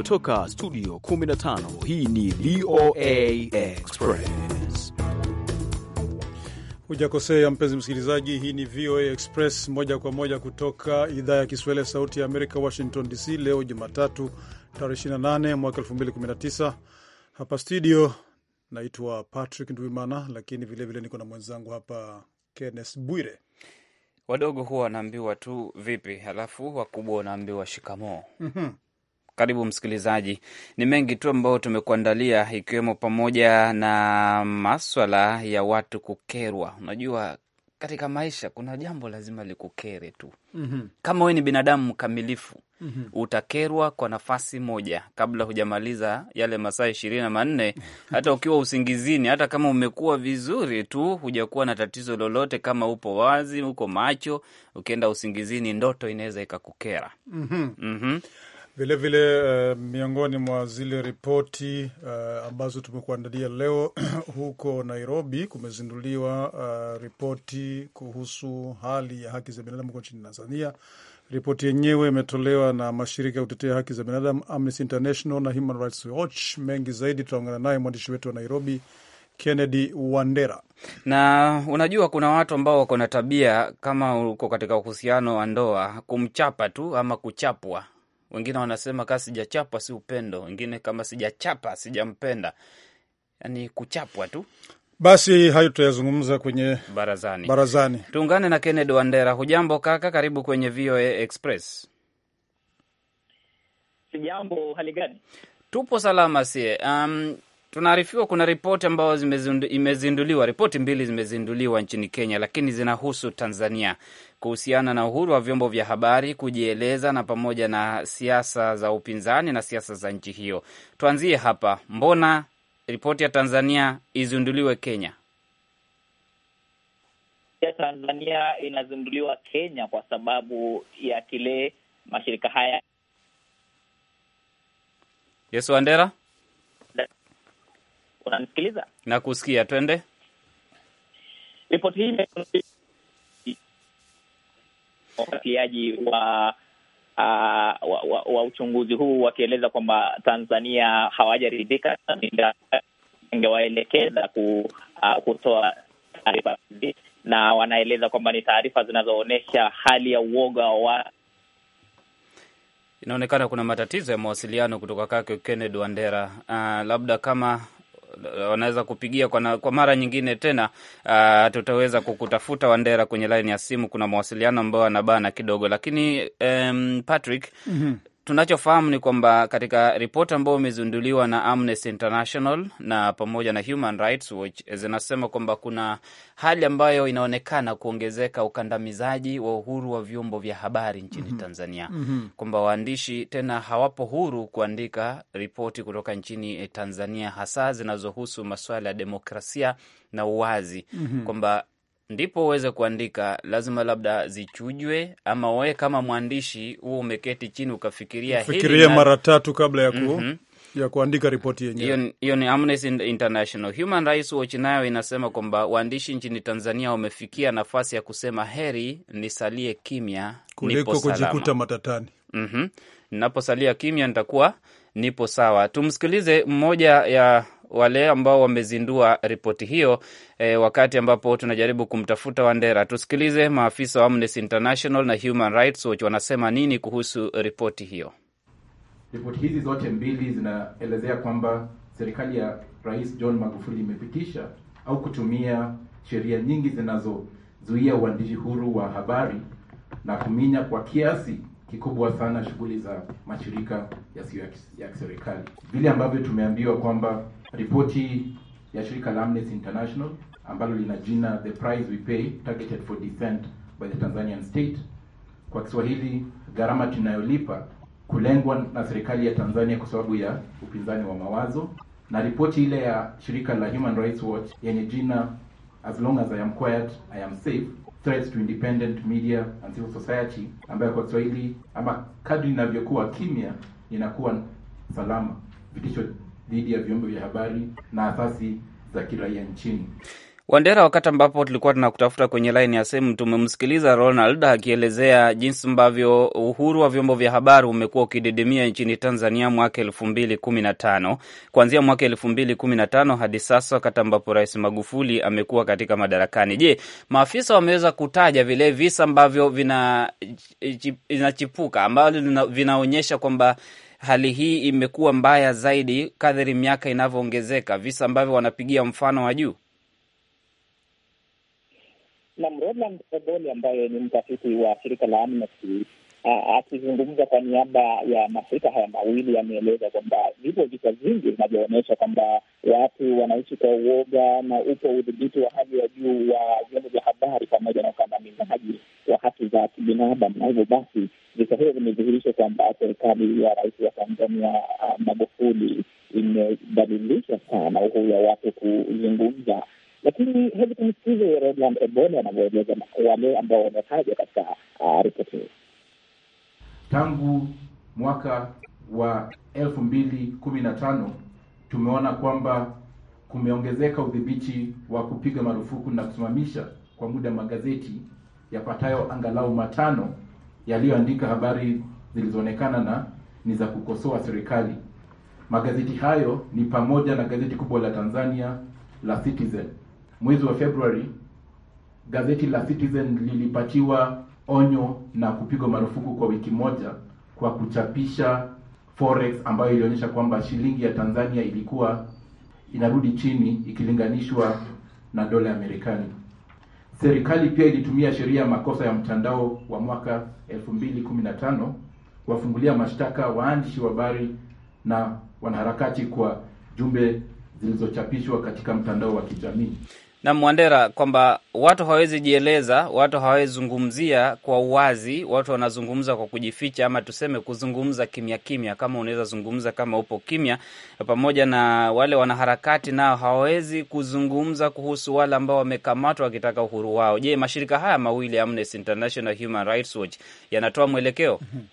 kutoka studio 15 hii ni VOA Express hujakosea mpenzi msikilizaji hii ni VOA Express moja kwa moja kutoka idhaa ya Kiswahili ya sauti ya Amerika Washington DC leo Jumatatu tarehe 28 mwaka 2019 hapa studio naitwa Patrick Ndwimana lakini vilevile niko na mwenzangu hapa Kenneth Bwire Wadogo huwa wanaambiwa tu vipi, halafu wakubwa wanaambiwa shikamoo. mm -hmm. Karibu msikilizaji, ni mengi tu ambayo tumekuandalia, ikiwemo pamoja na maswala ya watu kukerwa. Unajua, katika maisha kuna jambo lazima likukere tu. mm -hmm. Kama wewe ni binadamu mkamilifu mm -hmm. utakerwa kwa nafasi moja kabla hujamaliza yale masaa ishirini na manne hata ukiwa usingizini, hata kama umekuwa vizuri tu, hujakuwa na tatizo lolote, kama upo wazi, uko macho, ukienda usingizini, ndoto inaweza ikakukera. mm -hmm. mm -hmm. Vilevile vile, uh, miongoni mwa zile ripoti uh, ambazo tumekuandalia leo huko Nairobi kumezinduliwa uh, ripoti kuhusu hali ya haki za binadamu huko nchini Tanzania. Ripoti yenyewe imetolewa na mashirika ya kutetea haki za binadamu Amnesty International na Human Rights Watch. Mengi zaidi tutaungana naye mwandishi wetu wa Nairobi Kennedy Wandera. Na unajua kuna watu ambao wako na tabia, kama uko katika uhusiano wa ndoa, kumchapa tu ama kuchapwa wengine wanasema kama sijachapwa si upendo, wengine kama sijachapa sijampenda, yani kuchapwa tu. Basi hayo tutayazungumza kwenye barazani. Barazani tuungane na Kennedy Wandera. Hujambo kaka, karibu kwenye VOA Express. Sijambo, hali gani? Tupo salama sie. Um, tunaarifiwa kuna ripoti ambazo imezinduliwa, ripoti mbili zimezinduliwa nchini Kenya, lakini zinahusu Tanzania kuhusiana na uhuru wa vyombo vya habari kujieleza na pamoja na siasa za upinzani na siasa za nchi hiyo. Tuanzie hapa, mbona ripoti ya Tanzania izinduliwe Kenya? ya Tanzania inazinduliwa Kenya kwa sababu ya kile mashirika haya. Yesu Wandera Unanisikiliza? Nakusikia, twende. Ripoti hii wafuatiliaji wa uh, wa, wa, wa uchunguzi huu wakieleza kwamba Tanzania hawajaridhika, ingewaelekeza ku, uh, kutoa taarifa hizi, na wanaeleza kwamba ni taarifa zinazoonyesha hali ya uoga wa Inaonekana kuna matatizo ya mawasiliano kutoka kwake Kennedy Wandera. Uh, labda kama wanaweza kupigia kwa, na, kwa mara nyingine tena uh, tutaweza kukutafuta Wandera kwenye laini ya simu. Kuna mawasiliano ambayo anabana kidogo, lakini um, Patrick mm -hmm tunachofahamu ni kwamba katika ripoti ambayo imezinduliwa na Amnesty International na pamoja na Human Rights Watch eh, zinasema kwamba kuna hali ambayo inaonekana kuongezeka ukandamizaji wa uhuru wa vyombo vya habari nchini mm -hmm. Tanzania mm -hmm. kwamba waandishi tena hawapo huru kuandika ripoti kutoka nchini eh, Tanzania hasa zinazohusu masuala ya demokrasia na uwazi mm -hmm. kwamba ndipo uweze kuandika, lazima labda zichujwe, ama wewe kama mwandishi huo umeketi chini ukafikiria fikiria mara tatu kabla ya ku mm -hmm ya kuandika ripoti yenyewe. Hiyo ni Amnesty International. Human Rights Watch nayo inasema kwamba waandishi nchini Tanzania wamefikia nafasi ya kusema heri nisalie kimya kuliko kujikuta matatani. Mm -hmm. Naposalia kimya nitakuwa nipo sawa. Tumsikilize mmoja ya wale ambao wamezindua ripoti hiyo e, wakati ambapo tunajaribu kumtafuta Wandera. Tusikilize maafisa wa Amnesty International na Human Rights Watch wanasema nini kuhusu ripoti hiyo. Ripoti hizi zote mbili zinaelezea kwamba serikali ya Rais John Magufuli imepitisha au kutumia sheria nyingi zinazozuia uandishi huru wa habari na kuminya kwa kiasi kikubwa sana shughuli za mashirika yasiyo ya kiserikali. Vile ambavyo tumeambiwa kwamba Ripoti ya shirika la Amnesty International ambalo lina jina The Price We Pay Targeted for Dissent by the Tanzanian State, kwa Kiswahili, gharama tunayolipa kulengwa na serikali ya Tanzania kwa sababu ya upinzani wa mawazo, na ripoti ile ya shirika la Human Rights Watch yenye jina As Long As I Am Quiet, I Am Safe Threats to Independent Media and Civil Society, ambayo kwa Kiswahili ama kadri inavyokuwa kimya inakuwa salama, vitisho dhidi ya vyombo vya habari na asasi za kiraia nchini. Wandera, wakati ambapo tulikuwa tunakutafuta kwenye laini ya simu, tumemsikiliza Ronald akielezea jinsi ambavyo uhuru wa vyombo vya habari umekuwa ukididimia nchini Tanzania mwaka elfu mbili kumi na tano kuanzia mwaka elfu mbili kumi na tano hadi sasa, wakati ambapo Rais Magufuli amekuwa katika madarakani. Je, maafisa wameweza kutaja vile visa ambavyo vinachipuka vina ambavyo vinaonyesha kwamba hali hii imekuwa mbaya zaidi kadhiri miaka inavyoongezeka, visa ambavyo wanapigia mfano wa juu. Nam Roland ambaye ni mtafiti wa shirika la Amnesty akizungumza kwa niaba ya mashirika haya mawili ameeleza kwamba vipo visa vingi vinavyoonyesha kwamba watu wanaishi kwa uoga na upo udhibiti wa hali ya juu wa vyombo vya habari pamoja na ukandamizaji wa haki za kibinadamu, na hivyo basi Vita hiyo vimedhihirisha kwamba serikali ya rais wa Tanzania uh, Magufuli imebadilisha sana uhuru wa watu kuzungumza, lakini hebu tumsikize Redland Ebole anavyoeleza wale ambao wametaja katika uh, ripoti hii. Tangu mwaka wa elfu mbili kumi na tano tumeona kwamba kumeongezeka udhibiti wa kupiga marufuku na kusimamisha kwa muda magazeti yapatayo angalau matano yaliyoandika habari zilizoonekana na ni za kukosoa serikali. Magazeti hayo ni pamoja na gazeti kubwa la Tanzania la Citizen. Mwezi wa Februari, gazeti la Citizen lilipatiwa onyo na kupigwa marufuku kwa wiki moja kwa kuchapisha forex ambayo ilionyesha kwamba shilingi ya Tanzania ilikuwa inarudi chini ikilinganishwa na dola ya Marekani. Serikali pia ilitumia sheria ya makosa ya mtandao wa mwaka 2015 kuwafungulia mashtaka waandishi wa habari na wanaharakati kwa jumbe zilizochapishwa katika mtandao wa kijamii na Mwandera kwamba watu hawawezi jieleza, watu hawawezi zungumzia kwa uwazi, watu wanazungumza kwa kujificha, ama tuseme kuzungumza kimya kimya. Kama unaweza zungumza kama upo kimya, pamoja na wale wanaharakati, nao hawawezi kuzungumza kuhusu wale ambao wamekamatwa wakitaka uhuru wao. Je, mashirika haya mawili ya Amnesty International, Human Rights Watch yanatoa mwelekeo mm -hmm.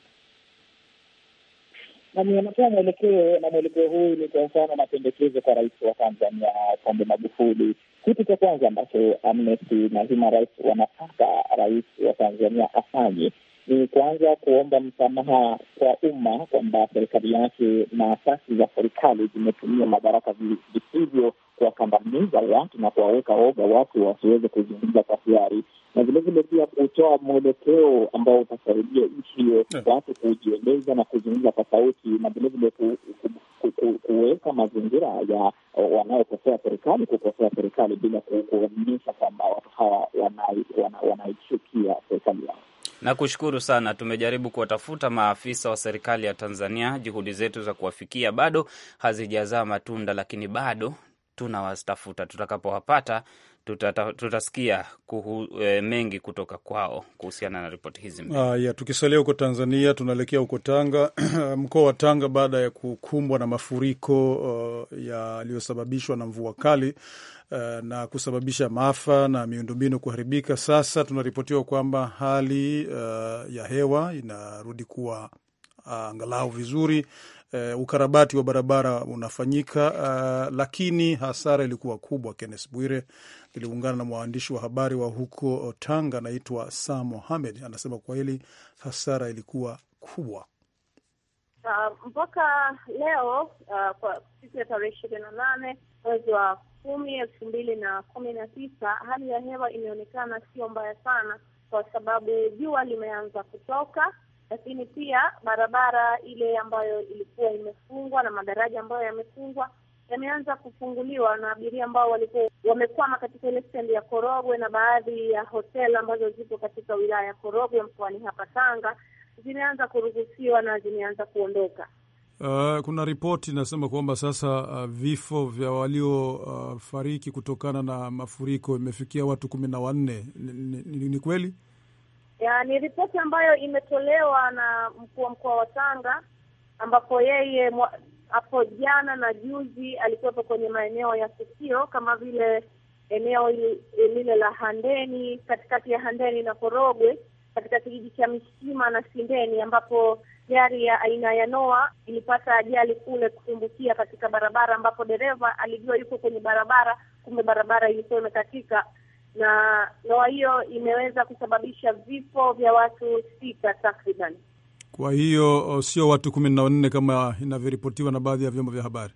Anatoa mwelekeo na mwelekeo huu ni kwa mfano mapendekezo kwa rais wa Tanzania Pombe Magufuli kitu cha kwanza ambacho Amnesty na Human Rights wanataka rais wa Tanzania afanye ni kuanza kuomba msamaha kwa umma kwamba serikali yake na asasi za serikali zimetumia madaraka visivyo kuwakandamiza watu na kuwaweka oga watu wasiweze kuzungumza kwa hiari, na vilevile pia kutoa mwelekeo ambao utasaidia nchi hiyo watu kujieleza na kuzungumza kwa sauti, na vilevile kuweka mazingira ya wanaokosea serikali kukosea serikali bila kuonyesha kwamba watu hawa wanaichukia serikali yao. Nakushukuru sana. Tumejaribu kuwatafuta maafisa wa serikali ya Tanzania. Juhudi zetu za kuwafikia bado hazijazaa matunda, lakini bado tunawatafuta. Tutakapowapata tutasikia kuhu, e, mengi kutoka kwao kuhusiana na ripoti hizi. Haya, ah, tukisalia huko Tanzania tunaelekea huko Tanga mkoa wa Tanga baada ya kukumbwa na mafuriko uh, yaliyosababishwa na mvua kali uh, na kusababisha maafa na miundombinu kuharibika. Sasa tunaripotiwa kwamba hali uh, ya hewa inarudi kuwa ah, angalau vizuri uh, ukarabati wa barabara unafanyika, uh, lakini hasara ilikuwa kubwa. Kennes Bwire iliungana na mwandishi wa habari wa huko Tanga anaitwa Sa Mohamed, anasema kwa hili hasara ilikuwa kubwa. Uh, mpaka leo uh, kwa siku ya tarehe ishirini na nane mwezi wa kumi elfu mbili na kumi na tisa hali ya hewa imeonekana sio mbaya sana, kwa sababu jua limeanza kutoka lakini pia barabara ile ambayo ilikuwa imefungwa na madaraja ambayo yamefungwa yameanza kufunguliwa na abiria ambao walikuwa wamekwama katika ile stendi ya Korogwe na baadhi ya hotel ambazo zipo katika wilaya ya Korogwe mkoani hapa Tanga zimeanza kuruhusiwa na zimeanza kuondoka. Uh, kuna ripoti inasema kwamba sasa uh, vifo vya waliofariki uh, kutokana na mafuriko imefikia watu kumi na wanne. Ni kweli? ya, ni ripoti ambayo imetolewa na mkuu wa mkoa wa Tanga ambapo yeye hapo jana na juzi alikuwepo kwenye maeneo ya tukio kama vile eneo lile la Handeni, katikati ya Handeni na Korogwe, katika kijiji cha Mishima na Sindeni, ambapo gari ya aina ya Noa ilipata ajali kule kutumbukia katika barabara, ambapo dereva alijua yuko kwenye barabara, kumbe barabara ilikuwa imekatika na ndoa hiyo imeweza kusababisha vifo vya watu sita takriban. Kwa hiyo sio watu kumi na wanne kama inavyoripotiwa na baadhi ya vyombo vya habari.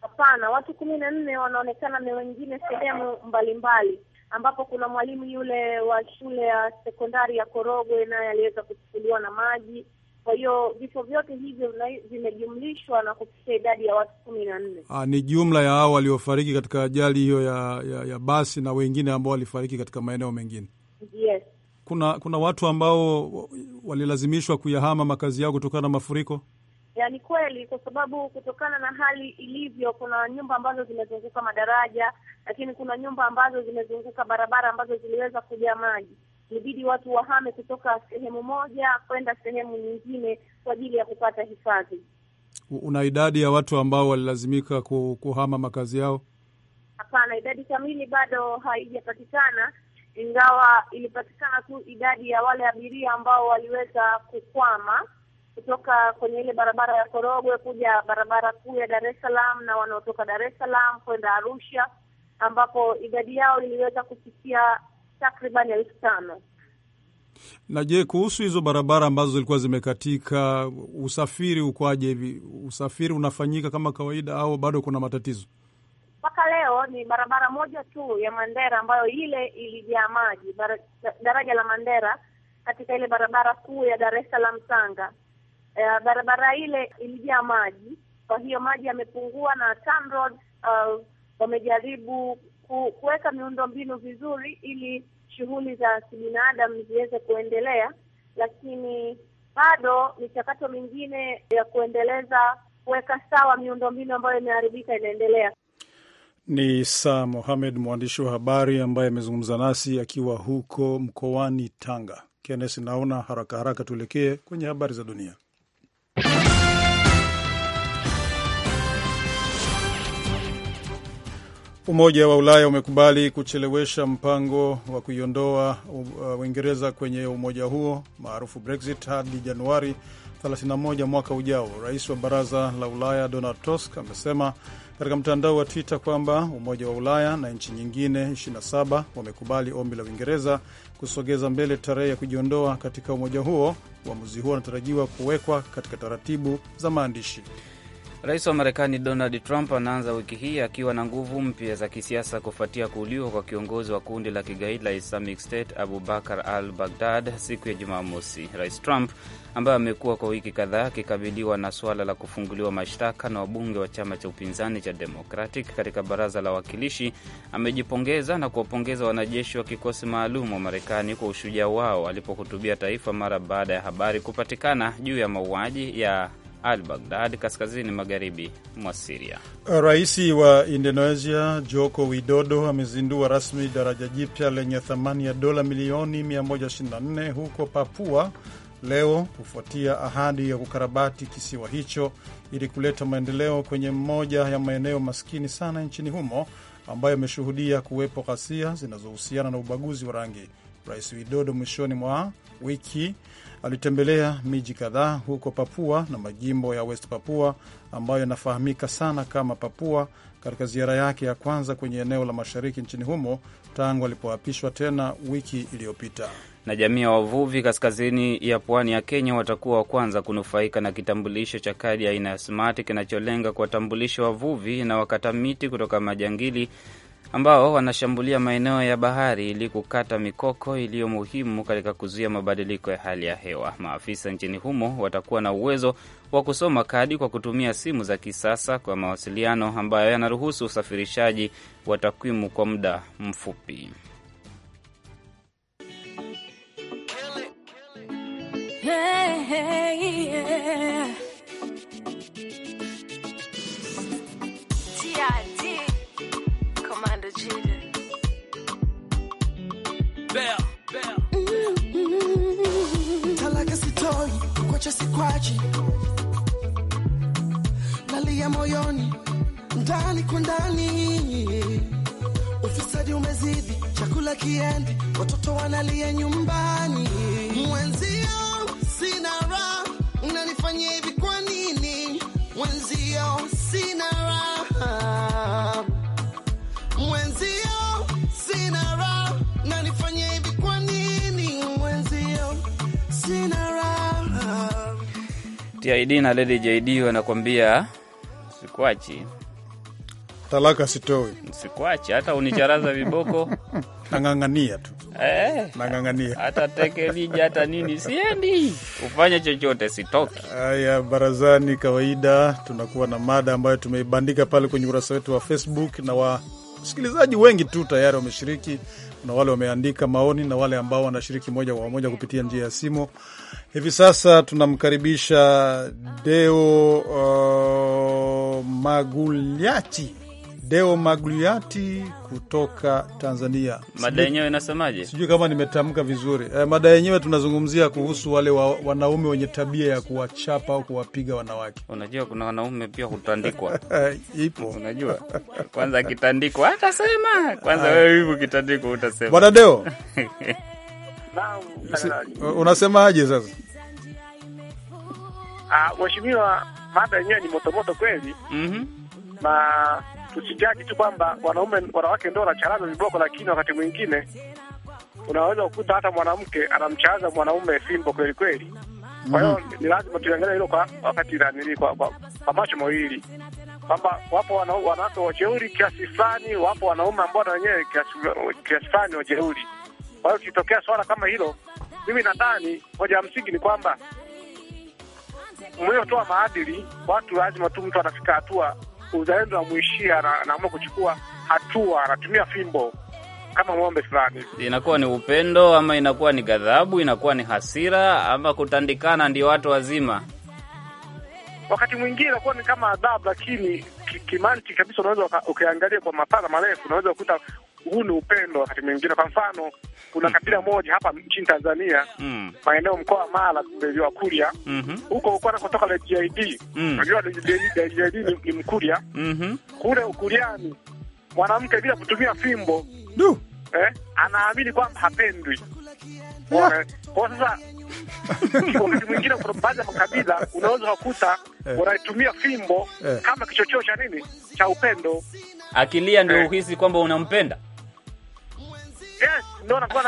Hapana, watu kumi na nne wanaonekana na wengine sehemu mbalimbali, ambapo kuna mwalimu yule wa shule ya sekondari ya Korogwe naye aliweza kuchukuliwa na maji kwa hiyo vifo vyote hivyo vimejumlishwa na kufikia idadi ya watu kumi na nne. Ah, ni jumla ya hao waliofariki katika ajali hiyo ya, ya, ya basi na wengine ambao walifariki katika maeneo mengine. Yes. Kuna kuna watu ambao walilazimishwa kuyahama makazi yao kutokana na mafuriko. Yaani kweli, kwa sababu kutokana na hali ilivyo, kuna nyumba ambazo zimezunguka madaraja, lakini kuna nyumba ambazo zimezunguka barabara ambazo ziliweza kujaa maji ilibidi watu wahame kutoka sehemu moja kwenda sehemu nyingine kwa ajili ya kupata hifadhi. Una idadi ya watu ambao walilazimika kuhama makazi yao? Hapana, idadi kamili bado haijapatikana, ingawa ilipatikana tu idadi ya wale abiria ambao waliweza kukwama kutoka kwenye ile barabara ya Korogwe kuja barabara kuu ya Dar es Salaam na wanaotoka Dar es Salaam kwenda Arusha, ambapo idadi yao iliweza kufikia takriban elfu tano. Na je, kuhusu hizo barabara ambazo zilikuwa zimekatika, usafiri ukoaje hivi? Usafiri unafanyika kama kawaida au bado kuna matatizo? Mpaka leo ni barabara moja tu ya Mandera ambayo ile ilijaa maji, daraja la Mandera katika ile barabara kuu ya Dar es Salaam Tanga. Uh, barabara ile ilijaa maji, kwa hiyo maji yamepungua na TANROADS uh, wamejaribu kuweka miundombinu vizuri ili shughuli za kibinadamu ziweze kuendelea, lakini bado michakato mingine ya kuendeleza kuweka sawa miundombinu ambayo imeharibika inaendelea. Ni Saa Mohamed, mwandishi wa habari ambaye amezungumza nasi akiwa huko mkoani Tanga. Kenes, naona haraka haraka tuelekee kwenye habari za dunia. Umoja wa Ulaya umekubali kuchelewesha mpango wa kuiondoa uh, Uingereza kwenye umoja huo maarufu Brexit hadi Januari 31 mwaka ujao. Rais wa Baraza la Ulaya Donald Tusk amesema katika mtandao wa Twitter kwamba Umoja wa Ulaya na nchi nyingine 27 wamekubali ombi la Uingereza kusogeza mbele tarehe ya kujiondoa katika umoja huo. Uamuzi huo unatarajiwa kuwekwa katika taratibu za maandishi. Rais wa Marekani Donald Trump anaanza wiki hii akiwa na nguvu mpya za kisiasa kufuatia kuuliwa kwa kiongozi wa kundi la kigaidi la Islamic State Abu Bakar al Baghdad siku ya Jumamosi. Rais Trump ambaye amekuwa kwa wiki kadhaa akikabiliwa na suala la kufunguliwa mashtaka na wabunge wa chama cha upinzani cha Democratic katika baraza la wawakilishi amejipongeza na kuwapongeza wanajeshi wa kikosi maalum wa Marekani kwa ushujaa wao alipohutubia taifa mara baada ya habari kupatikana juu ya mauaji ya al Baghdad, kaskazini magharibi mwa Siria. Rais wa Indonesia Joko Widodo amezindua rasmi daraja jipya lenye thamani ya dola milioni 124 huko Papua leo kufuatia ahadi ya kukarabati kisiwa hicho ili kuleta maendeleo kwenye mmoja ya maeneo maskini sana nchini humo ambayo imeshuhudia kuwepo ghasia zinazohusiana na ubaguzi wa rangi. Rais Widodo mwishoni mwa wiki alitembelea miji kadhaa huko Papua na majimbo ya West Papua ambayo yanafahamika sana kama Papua katika ziara yake ya kwanza kwenye eneo la mashariki nchini humo tangu alipoapishwa tena wiki iliyopita. Na jamii ya wavuvi kaskazini ya pwani ya Kenya watakuwa wa kwanza kunufaika na kitambulisho cha kadi aina ya smart kinacholenga kuwatambulisha wavuvi na wakata miti kutoka majangili ambao wanashambulia maeneo ya bahari ili kukata mikoko iliyo muhimu katika kuzuia mabadiliko ya hali ya hewa. Maafisa nchini humo watakuwa na uwezo wa kusoma kadi kwa kutumia simu za kisasa kwa mawasiliano ambayo yanaruhusu usafirishaji wa takwimu kwa muda mfupi. Hey, hey, yeah. niache sikwaji, nalia moyoni ndani kwa ndani, ufisadi umezidi, chakula kiendi, watoto wanalia nyumbani, mwenzio sina raha, unanifanyia hivi kwa nini? Mwenzio sina raha TID na Lady JD wanakwambia sikwachi talaka sitoi sikuachi hata unicharaza viboko nang'ang'ania tu eh, nang'ang'ania hata tekelija hata nini, siendi ufanye chochote, sitoki. Haya, barazani kawaida tunakuwa na mada ambayo tumeibandika pale kwenye ukurasa wetu wa Facebook na wasikilizaji wengi tu tayari wameshiriki kuna wale wameandika maoni na wale ambao wanashiriki moja kwa moja kupitia njia ya simu. Hivi sasa tunamkaribisha Deo uh, Maguliachi Deo Magliati kutoka Tanzania. Mada yenyewe inasemaje? Sijui kama nimetamka vizuri. E, mada yenyewe tunazungumzia kuhusu wale wa, wanaume wenye tabia ya kuwachapa au kuwapiga wanawake. Unajua kuna wanaume pia hutandikwa ipo. Unajua kwanza akitandikwa atasema kwanza, wewe hivi ukitandikwa utasema bwana Deo unasemaje sasa? Ah, mheshimiwa, mada yenyewe ni motomoto kweli mhm. na kushtaki tu kwamba wanaume wanawake ndio wanacharaza viboko, lakini wakati mwingine unaweza kukuta hata mwanamke anamchaza mwanaume fimbo kweli kweli. Kwa hiyo mm ni lazima tuangalie hilo kwa wakati lanili kwa, kwa, kwa macho mawili kwamba wapo wanawake wajeuri kiasi fulani, wapo wanaume ambao na wenyewe kiasi fulani wajeuri. Kwa hiyo ukitokea swala kama hilo, mimi nadhani hoja ya msingi ni kwamba toa maadili watu lazima tu mtu anafika hatua uzalendo amwishia, anaamua kuchukua hatua, anatumia fimbo kama ng'ombe fulani. Inakuwa ni upendo ama inakuwa ni ghadhabu, inakuwa ni hasira ama kutandikana, ndio watu wazima. Wakati mwingine inakuwa ni kama adhabu, lakini kimanti kabisa, unaweza ukiangalia kwa mapana marefu, unaweza kukuta huu ni upendo wakati mwingine. Kwa mfano, kuna mm. kabila moja hapa nchini Tanzania mm. maeneo mkoa wa Mara wa Kuria mhm. huko huko anakotoka LGID mm. unajua mm. LGID ni, Mkuria mhm. kule Ukuriani mwanamke bila kutumia fimbo du eh, anaamini kwamba hapendwi kwa sasa wakati mwingine kuna baadhi ya makabila unaweza kukuta eh. wanaitumia fimbo eh. kama kichocheo cha nini cha upendo. Akilia ndio eh. uhisi kwamba unampenda Yes, ndio anakuwa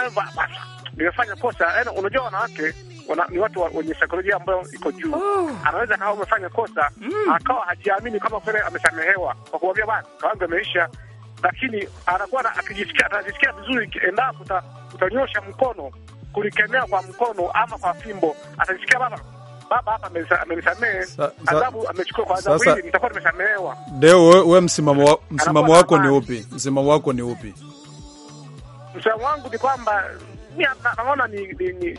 Nimefanya kosa. Yaani unajua wanawake wana, ni watu wenye saikolojia ambayo iko juu. Oh. Anaweza umefanya kosa, mm. akawa hajiamini kama kweli amesamehewa. Kwa kuambia ameisha lakini anakuwa akijisikia vizuri endapo utanyosha mkono kulikemea kwa mkono ama kwa fimbo, atajisikia baba msimamo wako ni upi? Msimamo wako ni upi? msimamo wangu ni kwamba naona ni, ni, ni,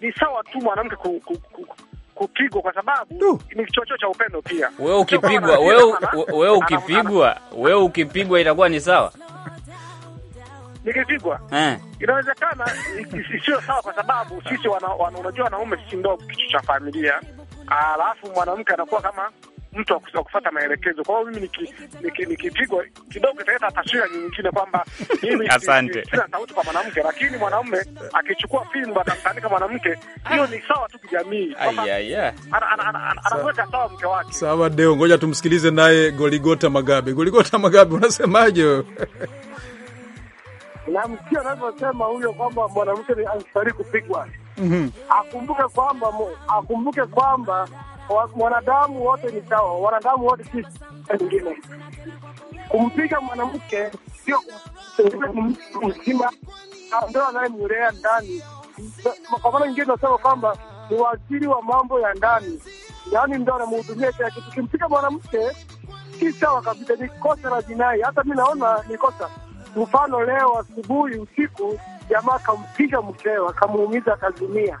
ni sawa tu mwanamke ku, ku, ku, kupigwa kwa sababu ni kichocheo cha upendo pia. Wewe ukipigwa wewe wewe ukipigwa wewe ukipigwa itakuwa ni sawa nikipigwa eh, inawezekana isiyo sawa, kwa sababu sisi wana, wana, unajua wanaume sisi ndio kichwa cha familia, alafu mwanamke anakuwa kama mtu wa kufuata maelekezo. Kwa hiyo mimi nikipigwa kidogo italeta taswira nyingine kwamba mimi asante sina sauti kwa mwanamke, lakini mwanaume akichukua fimbo atamtandika mwanamke, hiyo ni sawa tu kijamii, anaweka sawa mke wake. Sawa Deo, ngoja tumsikilize naye Goligota Magabe. Goligota Magabe, unasemaje? Namsikia anavyosema huyo kwamba mwanamke ni astahili kupigwa. Mm Akumbuke kwamba akumbuke kwamba mwanadamu wote ni sawa, wanadamu wote si wengine. Kumpiga mwanamke sio mzima ndio anayemlea ndani. Kwa maana nyingine tunasema kwamba ni waziri wa mambo ya ndani, yaani ndio anamhudumia kila kitu. Kimpiga mwanamke si sawa kabisa, ni kosa la jinai. Hata mi naona ni kosa. Mfano leo asubuhi, usiku, jamaa akampiga mkeo, akamuumiza, akazimia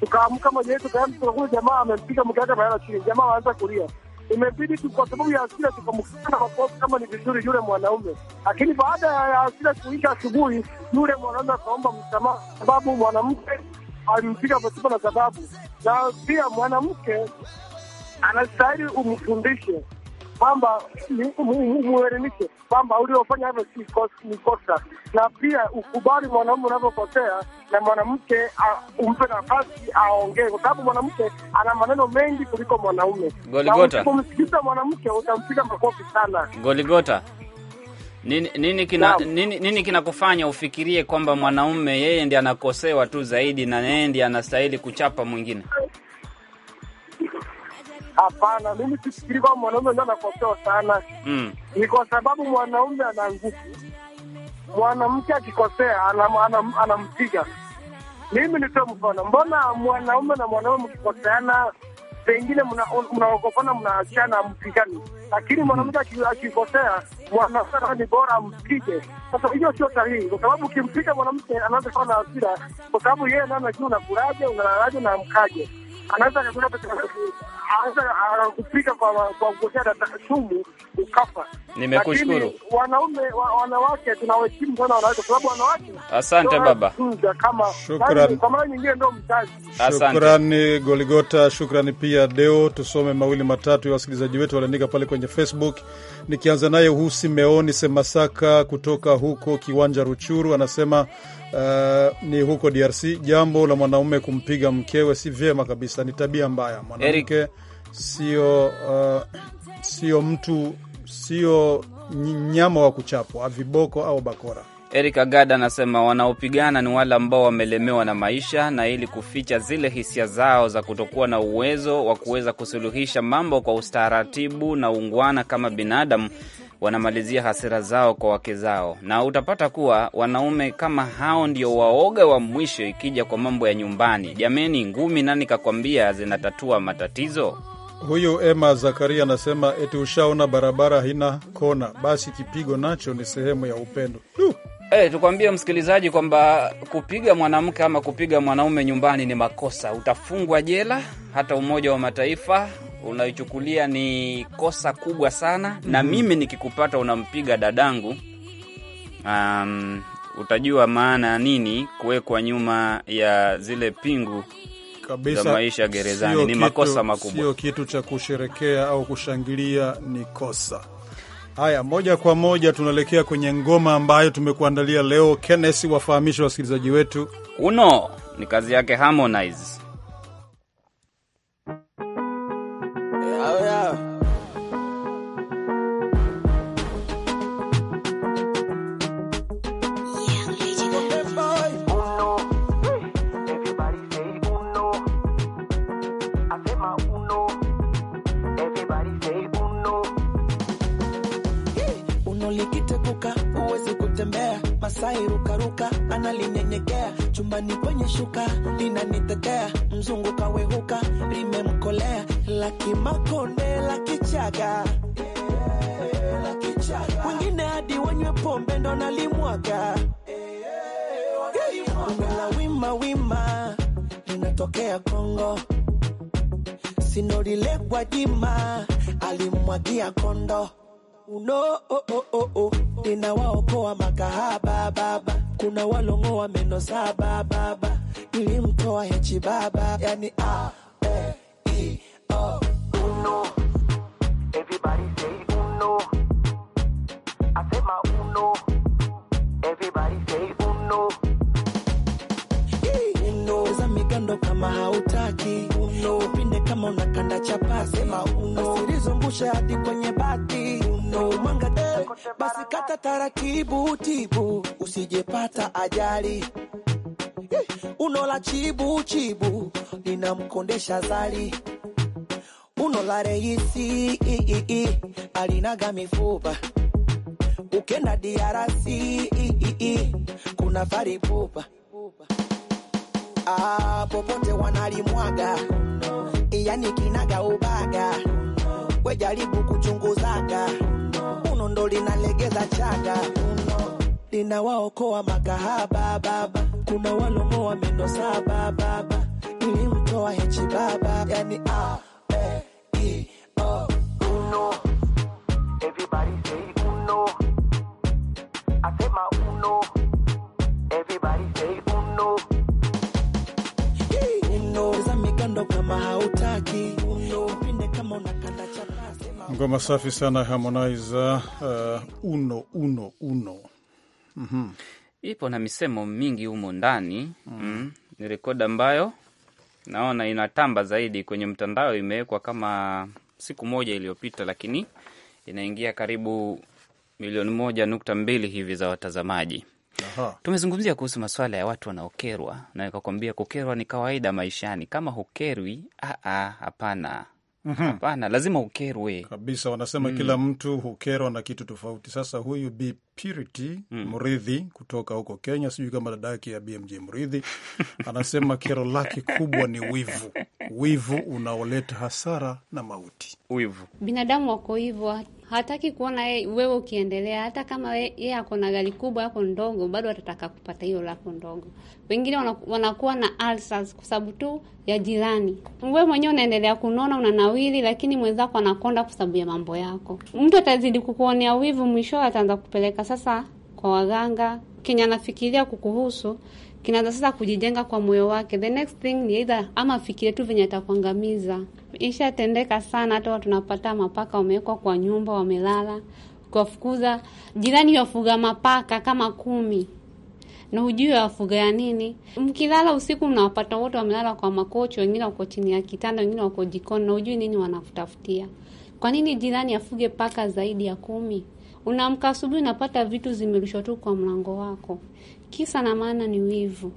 tukaamka moja wetu kaam, tukakuta jamaa amempiga mke wake amelala chini, jamaa waanza kulia. Imebidi tu kwa sababu ya hasira tukamkana makofi kama ni vizuri yule mwanaume, lakini baada ya hasira kuisha, asubuhi yule mwanaume akaomba msamaha, sababu mwanamke alimpiga pasipo na sababu, na pia mwanamke anastahili umfundishe kwamba muelimike kwamba uliofanya hivyo si ni kosa, na pia ukubali mwanaume unavyokosea na mwanamke umpe nafasi aongee, kwa sababu mwanamke ana maneno mengi kuliko mwanaume. Goligota, mwanamke utampiga makofi sana. Goligota, nini nini kina nini, nini kinakufanya ufikirie kwamba mwanaume yeye ndiye anakosewa tu zaidi na yeye ndiye anastahili kuchapa mwingine? Hapana, mimi sifikiri kwamba mwanaume ndio anakosea sana. Mm. Ni kwa sababu mwanaume ana nguvu, mwanamke akikosea anampiga. Mimi nitoe mfano, mbona mwanaume na mwanaume mkikoseana pengine mnaogopana, mnaachana, mpigani, lakini mwanamke akikosea mwanaa ni bora ampige. Sasa hiyo sio sahihi, kwa sababu ukimpiga mwanamke anaweza kuwa na hasira, kwa sababu yeye ndio anajua unakulaje, unalalaje na mkaje, anaweza akakuta haweza ah, kupika kwa kukoshana sumu ukafa. Nimekushukuru. Wanaume wanawake tunawaheshimu sana wanawake, kwa sababu wanawake. Asante baba, yaani, kwa mara nyingine ndio mzazi. Shukrani Goligota, shukrani pia Deo. Tusome mawili matatu ya wasikilizaji wetu waliandika pale kwenye Facebook, nikianza naye Husi Meoni Semasaka kutoka huko Kiwanja Ruchuru, anasema Uh, ni huko DRC jambo la mwanaume kumpiga mkewe si vyema kabisa, ni tabia mbaya. Mwanamke Eric sio uh, sio mtu sio nyama wa kuchapwa, viboko au bakora. Eric Agada anasema wanaopigana ni wale ambao wamelemewa na maisha, na ili kuficha zile hisia zao za kutokuwa na uwezo wa kuweza kusuluhisha mambo kwa ustaratibu na ungwana kama binadamu, wanamalizia hasira zao kwa wake zao, na utapata kuwa wanaume kama hao ndio waoga wa mwisho ikija kwa mambo ya nyumbani. Jameni, ngumi nani kakwambia zinatatua matatizo? Huyu Emma Zakaria anasema eti ushaona barabara haina kona, basi kipigo nacho ni sehemu ya upendo. Hey, eh, tukwambie msikilizaji kwamba kupiga mwanamke ama kupiga mwanaume nyumbani ni makosa, utafungwa jela. Hata Umoja wa Mataifa unaichukulia ni kosa kubwa sana. mm -hmm. Na mhm. mimi nikikupata unampiga dadangu, um, utajua maana ya nini kuwekwa nyuma ya zile pingu kabisa za maisha gerezani. ni kitu, makosa makubwa, sio kitu cha kusherekea au kushangilia, ni kosa. Haya, moja kwa moja tunaelekea kwenye ngoma ambayo tumekuandalia leo. Kenneth, wafahamishe wasikilizaji wetu, uno ni kazi yake Harmonize. kuruka, uwezi kutembea. Masai rukaruka, analinyenyekea chumbani kwenye shuka, linanitetea. Mzungu kawehuka, limemkolea. Laki Makonde, laki Chaga, wengine hadi wanywe pombe ndo nalimwaga. la wima wima linatokea Kongo, sinorile Gwajima alimwagia kondo uno oh, oh, oh, oh, oh. Ninawaokoa makahaba baba, kuna walongoa meno saba baba, nilimtoa hechi baba, yani a e i o uno. Everybody say uno, asema uno. Everybody say uno, uno za mikando kama hau fuata taratibu tibu, usijepata ajali. Unola chibu chibu linamkondesha zali, unola reisi alinaga mifupa, ukenda diarasi kuna pupa ah, popote wanalimwaga, yani kinaga ubaga, wejaribu kuchunguzaga uno ndo linalegeza chaga, uno linawaokoa makahaba baba. Kuna wa meno saba baba, ili ilimtoa hechi baba, yani a e i o uno, everybody say uno ngoma safi sana Harmonize. Uh, uno uno uno mm -hmm. Ipo na misemo mingi humo ndani mm. Mm. Ni rekodi ambayo naona inatamba zaidi kwenye mtandao, imewekwa kama siku moja iliyopita, lakini inaingia karibu milioni moja nukta mbili hivi za watazamaji. Aha. Tumezungumzia kuhusu masuala ya watu wanaokerwa, na ikakwambia kukerwa ni kawaida maishani. Kama hukerwi, hapana Mhm. Hapana, mm -hmm. Lazima ukerwe kabisa. Wanasema mm. kila mtu hukerwa na kitu tofauti. Sasa huyu Bi Purity mm. Mridhi kutoka huko Kenya, sijui kama dada yake ya BMJ Mridhi anasema kero lake kubwa ni wivu, wivu unaoleta hasara na mauti. Wivu binadamu wako hivyo hataki kuona wewe ukiendelea. Hata kama yeye ako na gari kubwa yako ndogo, bado atataka kupata hiyo lako ndogo. Wengine wanakuwa na alsas kwa sababu tu ya jirani. Wewe mwenyewe unaendelea kunona, unanawili, lakini mwenzako anakonda kwa sababu ya mambo yako. Mtu atazidi kukuonea wivu, mwisho ataanza kupeleka sasa kwa waganga, kenye anafikiria kukuhusu kinaanza sasa kujijenga kwa moyo wake. The next thing ni either ama afikirie tu venye atakuangamiza. Ishatendeka sana, hata watu tunapata mapaka wamewekwa kwa nyumba, wamelala kuwafukuza. Jirani wafuga mapaka kama kumi na hujui wafuga ya nini. Mkilala usiku, mnawapata wote wamelala kwa makochi, wengine wako chini ya kitanda, wengine wako jikoni, na hujui nini wanakutafutia. Kwa nini jirani afuge paka zaidi ya kumi? Unaamka asubuhi, unapata vitu zimerushwa tu kwa mlango wako. Kisa na maana ni wivu.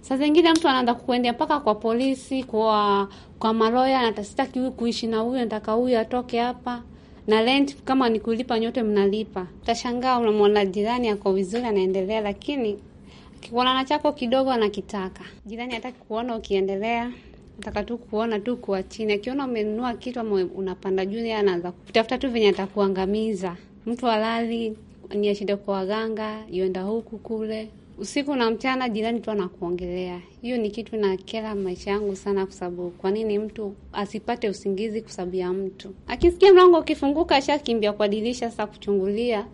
Saa zingine mtu anaanza kuendea mpaka kwa polisi, kwa kwa maloya, natasitaki huyu kuishi na huyu, nataka huyu atoke hapa na rent kama ni kulipa, nyote mnalipa. Utashangaa unamwona jirani ako vizuri, anaendelea, lakini akikuona na chako kidogo anakitaka. Jirani hataki kuona ukiendelea, nataka tu kuona tu kwa chini. Akiona umenunua kitu ama unapanda juu, yeye anaanza kutafuta tu venye atakuangamiza. Mtu halali ni ashinde kwa waganga, yuenda huku kule, usiku na mchana, jirani tu anakuongelea. Hiyo ni kitu na kera maisha yangu sana, kwa sababu kwa nini mtu asipate usingizi kwa sababu ya mtu? Akisikia mlango ukifunguka, ashakimbia kwa dirisha, sasa kuchungulia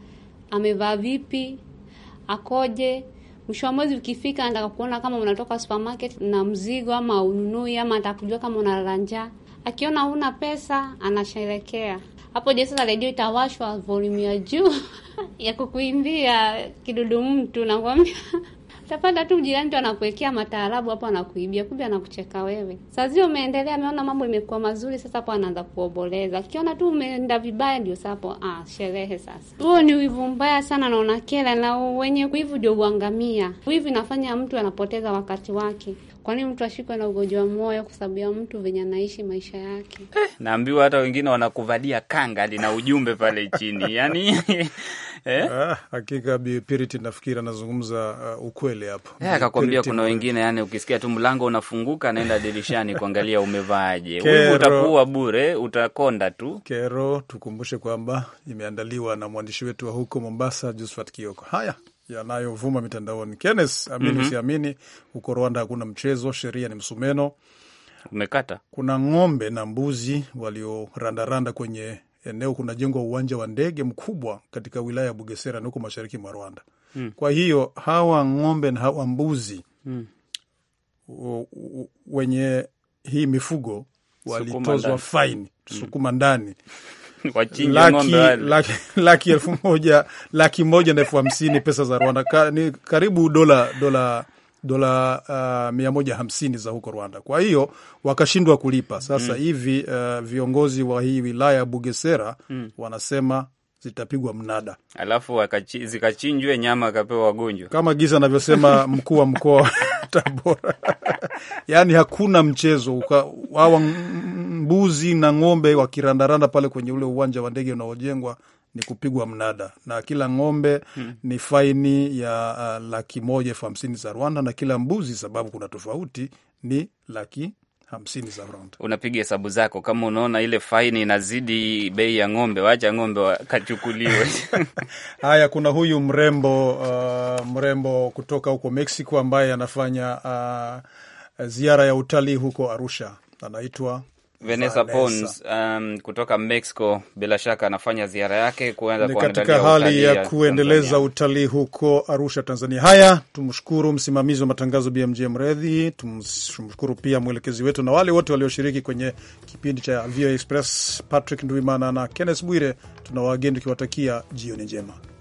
amevaa vipi, akoje. Mwisho wa mwezi ukifika, anataka kuona kama unatoka supermarket na mzigo ama ununui, ama atakujua kama unalala njaa. Akiona huna pesa, anasherekea hapo ndio sasa redio itawashwa volumu ya juu ya kukuimbia kidudu mtu, nakwambia utapata tu jirani tu anakuwekea mataarabu hapo, anakuibia, kumbe anakucheka wewe. Sazio umeendelea, ameona mambo imekuwa mazuri, sasa hapo anaanza kuomboleza. Akiona tu umeenda vibaya, ndio sapo ah, sherehe sasa. Huo ni wivu mbaya sana, naona kela na wenye wivu ndio uangamia. Wivu inafanya mtu anapoteza wakati wake. Kwa nini mtu ashikwe na ugonjwa wa moyo kwa sababu ya mtu venye anaishi maisha yake? Eh, naambiwa hata wengine wanakuvalia kanga lina ujumbe pale chini yani Eh? Ah, hakika Bi Piriti nafikiri anazungumza uh, ukweli hapo. Eh, akakwambia kuna wengine yani, ukisikia tu mlango unafunguka anaenda dirishani kuangalia umevaaje. utakuwa bure, utakonda tu kero. Tukumbushe kwamba imeandaliwa na mwandishi wetu wa huko Mombasa, Josephat Kioko. Haya yanayovuma mitandaoni, Kennes, amini mm -hmm. siamini, huko Rwanda hakuna mchezo, sheria ni msumeno umekata. Kuna ng'ombe na mbuzi waliorandaranda kwenye eneo kunajengwa uwanja wa ndege mkubwa katika wilaya ya Bugesera na huko mashariki mwa Rwanda. Mm. Kwa hiyo hawa ng'ombe na hawa mbuzi mm. wenye hii mifugo walitozwa faini sukuma ndani laki, laki, laki elfu moja laki moja na elfu hamsini pesa za Rwanda ka, ni karibu dola dola dola uh, mia moja hamsini za huko Rwanda. Kwa hiyo wakashindwa kulipa. Sasa mm. hivi uh, viongozi wa hii wilaya ya Bugesera mm. wanasema zitapigwa mnada, alafu zikachinjwe nyama akapewa wagonjwa, kama Giza anavyosema mkuu wa mkoa Tabora. Yaani hakuna mchezo hawa mbuzi na ng'ombe wakirandaranda pale kwenye ule uwanja wa ndege unaojengwa ni kupigwa mnada na kila ng'ombe hmm, ni faini ya uh, laki moja elfu hamsini za Rwanda na kila mbuzi, sababu kuna tofauti, ni laki hamsini za Rwanda. Unapiga hesabu zako, kama unaona ile faini inazidi bei ya ng'ombe, wacha ng'ombe wakachukuliwe. Haya, kuna huyu mrembo uh, mrembo kutoka huko Mexico ambaye anafanya uh, ziara ya utalii huko Arusha, anaitwa Vanessa Pons um, kutoka Mexico bila shaka anafanya ziara yake kuanza katika hali ya kuendeleza utalii huko Arusha, Tanzania. Haya, tumshukuru msimamizi wa matangazo BMJ Mredhi, tumshukuru pia mwelekezi wetu na wale wote walioshiriki kwenye kipindi cha VOA Express, Patrick Ndwimana na Kenneth Bwire. Tuna wageni tukiwatakia jioni njema.